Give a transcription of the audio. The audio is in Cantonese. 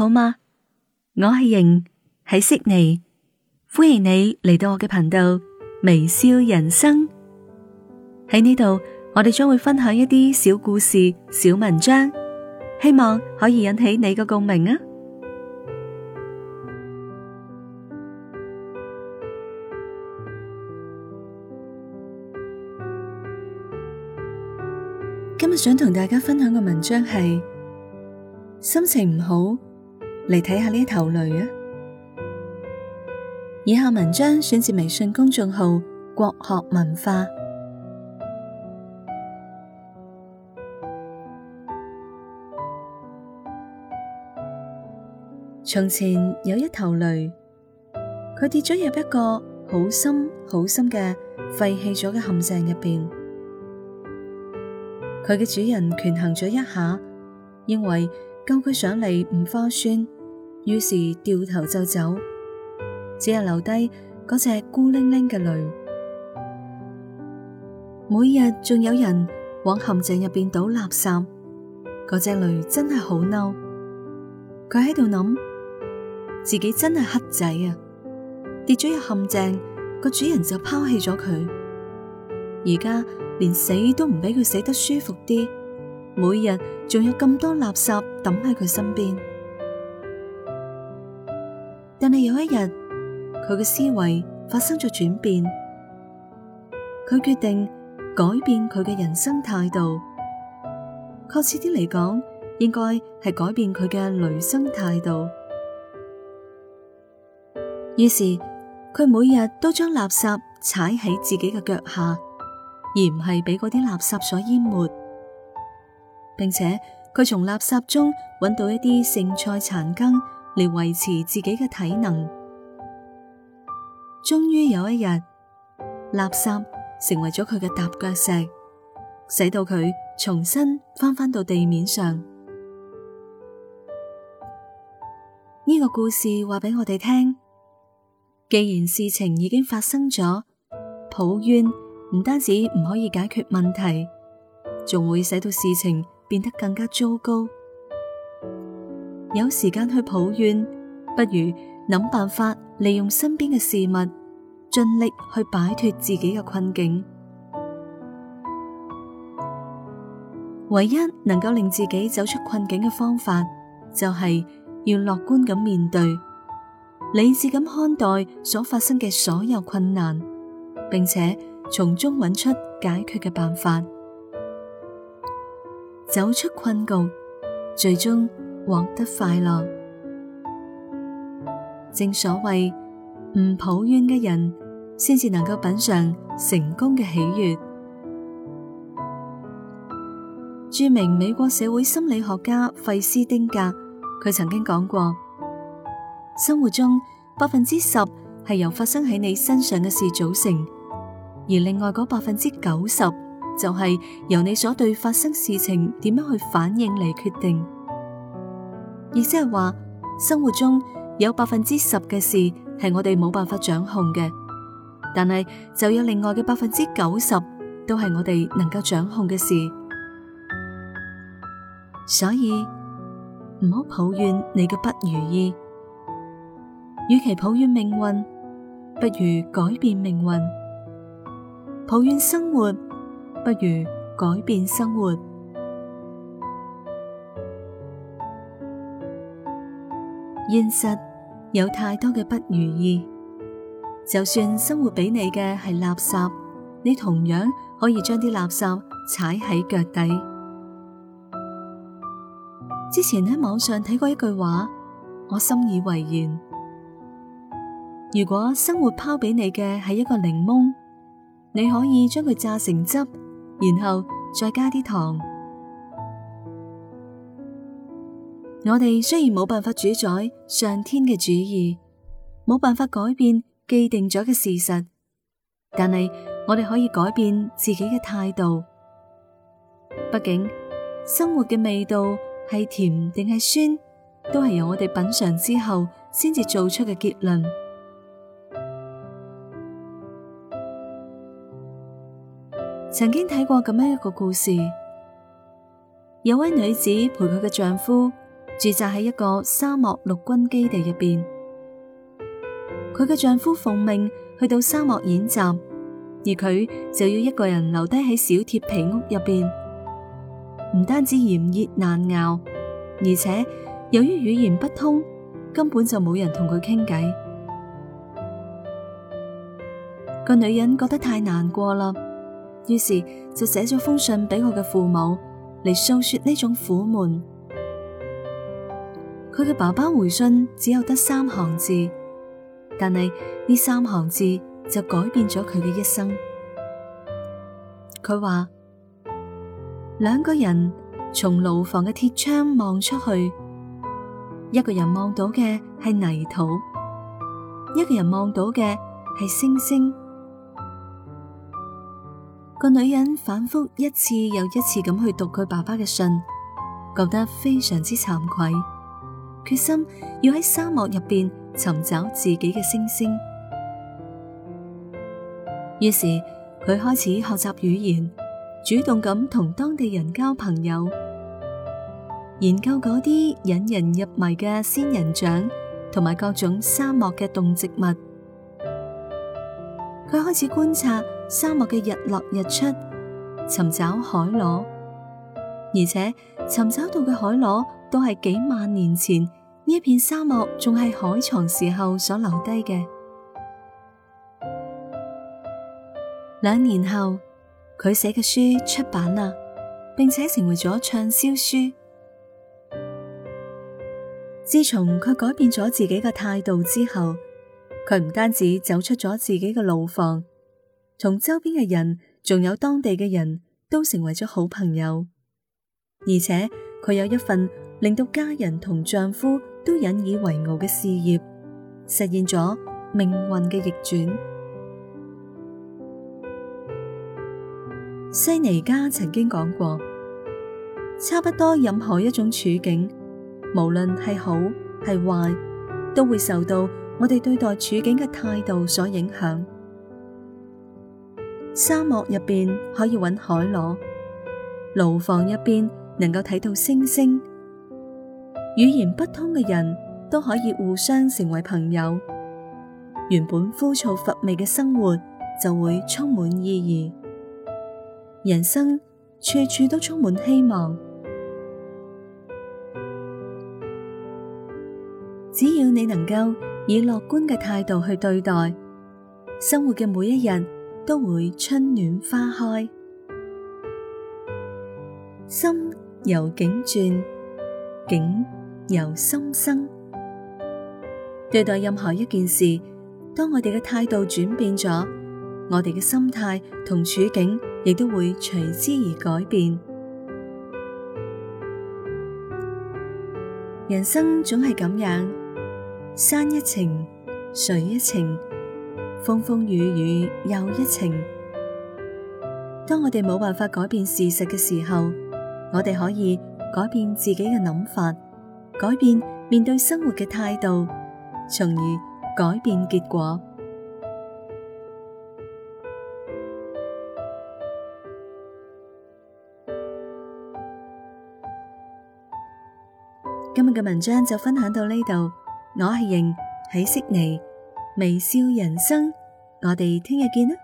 好嗎？我係瑩，喺悉尼，歡迎你嚟到我嘅頻道微笑人生。喺呢度，我哋將會分享一啲小故事、小文章，希望可以引起你嘅共鳴啊！今日想同大家分享嘅文章係心情唔好。嚟睇下呢一頭驢啊！以下文章選自微信公眾號國學文化。從前有一頭驢，佢跌咗入一個好深好深嘅廢棄咗嘅陷阱入邊，佢嘅主人權衡咗一下，認為，救佢上嚟唔划算，於是掉頭就走，只係留低嗰隻孤零零嘅雷。每日仲有人往陷阱入邊倒垃圾，嗰隻雷真係好嬲。佢喺度諗，自己真係黑仔啊！跌咗入陷阱，個主人就拋棄咗佢，而家連死都唔俾佢死得舒服啲，每日仲有咁多垃圾。抌喺佢身邊，但係有一日，佢嘅思維發生咗轉變，佢決定改變佢嘅人生態度。確切啲嚟講，應該係改變佢嘅內心態度。於是，佢每日都將垃圾踩喺自己嘅腳下，而唔係俾嗰啲垃圾所淹沒，並且。佢從垃圾中揾到一啲剩菜殘羹嚟維持自己嘅體能。終於有一日，垃圾成為咗佢嘅踏腳石，使到佢重新翻返到地面上。呢個故事話俾我哋聽，既然事情已經發生咗，抱怨唔單止唔可以解決問題，仲會使到事情。變得更加糟糕。有時間去抱怨，不如諗辦法利用身邊嘅事物，盡力去擺脫自己嘅困境。唯一能夠令自己走出困境嘅方法，就係要樂觀咁面對，理智咁看待所發生嘅所有困難，並且從中揾出解決嘅辦法。走出困局，最終獲得快樂。正所謂唔抱怨嘅人，先至能夠品嘗成功嘅喜悦。著名美國社會心理學家費斯丁格，佢曾經講過：生活中百分之十係由發生喺你身上嘅事組成，而另外嗰百分之九十。就係由你所對發生事情點樣去反應嚟決定，意思係話生活中有百分之十嘅事係我哋冇辦法掌控嘅，但係就有另外嘅百分之九十都係我哋能夠掌控嘅事。所以唔好抱怨你嘅不如意，與其抱怨命運，不如改變命運。抱怨生活，不如改變生活。現實有太多嘅不如意，就算生活俾你嘅係垃圾，你同樣可以將啲垃圾踩喺腳底。之前喺網上睇過一句話，我深以為然。如果生活拋俾你嘅係一個檸檬，你可以將佢榨成汁。然後再加啲糖。我哋雖然冇辦法主宰上天嘅主意，冇辦法改變既定咗嘅事實，但係我哋可以改變自己嘅態度。畢竟生活嘅味道係甜定係酸，都係由我哋品嘗之後先至做出嘅結論。曾經睇過咁樣一個故事，有位女子陪佢嘅丈夫駐紮喺一個沙漠陸軍基地入邊，佢嘅丈夫奉命去到沙漠演習，而佢就要一個人留低喺小鐵皮屋入邊。唔單止炎熱難熬，而且由於語言不通，根本就冇人同佢傾偈。個女人覺得太難過啦。於是就寫咗封信俾佢嘅父母嚟訴說呢種苦悶。佢嘅爸爸回信只有得三行字，但係呢三行字就改變咗佢嘅一生。佢話兩個人從牢房嘅鐵窗望出去，一個人望到嘅係泥土，一個人望到嘅係星星。個女人反覆一次又一次咁去讀佢爸爸嘅信，覺得非常之慚愧，決心要喺沙漠入邊尋找自己嘅星星。於是佢開始學習語言，主動咁同當地人交朋友，研究嗰啲引人入迷嘅仙人掌同埋各種沙漠嘅動植物。佢開始觀察。沙漠嘅日落日出，尋找海螺，而且尋找到嘅海螺都係幾萬年前呢一片沙漠仲係海藏時候所留低嘅。兩年後，佢寫嘅書出版啦，並且成為咗暢銷書。自從佢改變咗自己嘅態度之後，佢唔單止走出咗自己嘅牢房。同周邊嘅人，仲有當地嘅人都成為咗好朋友，而且佢有一份令到家人同丈夫都引以為傲嘅事業，實現咗命運嘅逆轉。西尼加曾經講過：差不多任何一種處境，無論係好係壞，都會受到我哋對待處境嘅態度所影響。沙漠入邊可以搵海螺，牢房入邊能夠睇到星星。語言不通嘅人都可以互相成為朋友，原本枯燥乏味嘅生活就會充滿意義。人生處處都充滿希望，只要你能夠以樂觀嘅態度去對待生活嘅每一日。都會春暖花開，心由境轉，境由心生。對待任何一件事，當我哋嘅態度轉變咗，我哋嘅心態同處境亦都會隨之而改變。人生總係咁樣，山一程，水一程，風風雨雨又一程。當我哋冇辦法改變事實嘅時候，我哋可以改變自己嘅諗法，改變面對生活嘅態度，從而改變結果。今日嘅文章就分享到呢度，我係瑩喺悉尼微笑人生。我哋聽日見啦。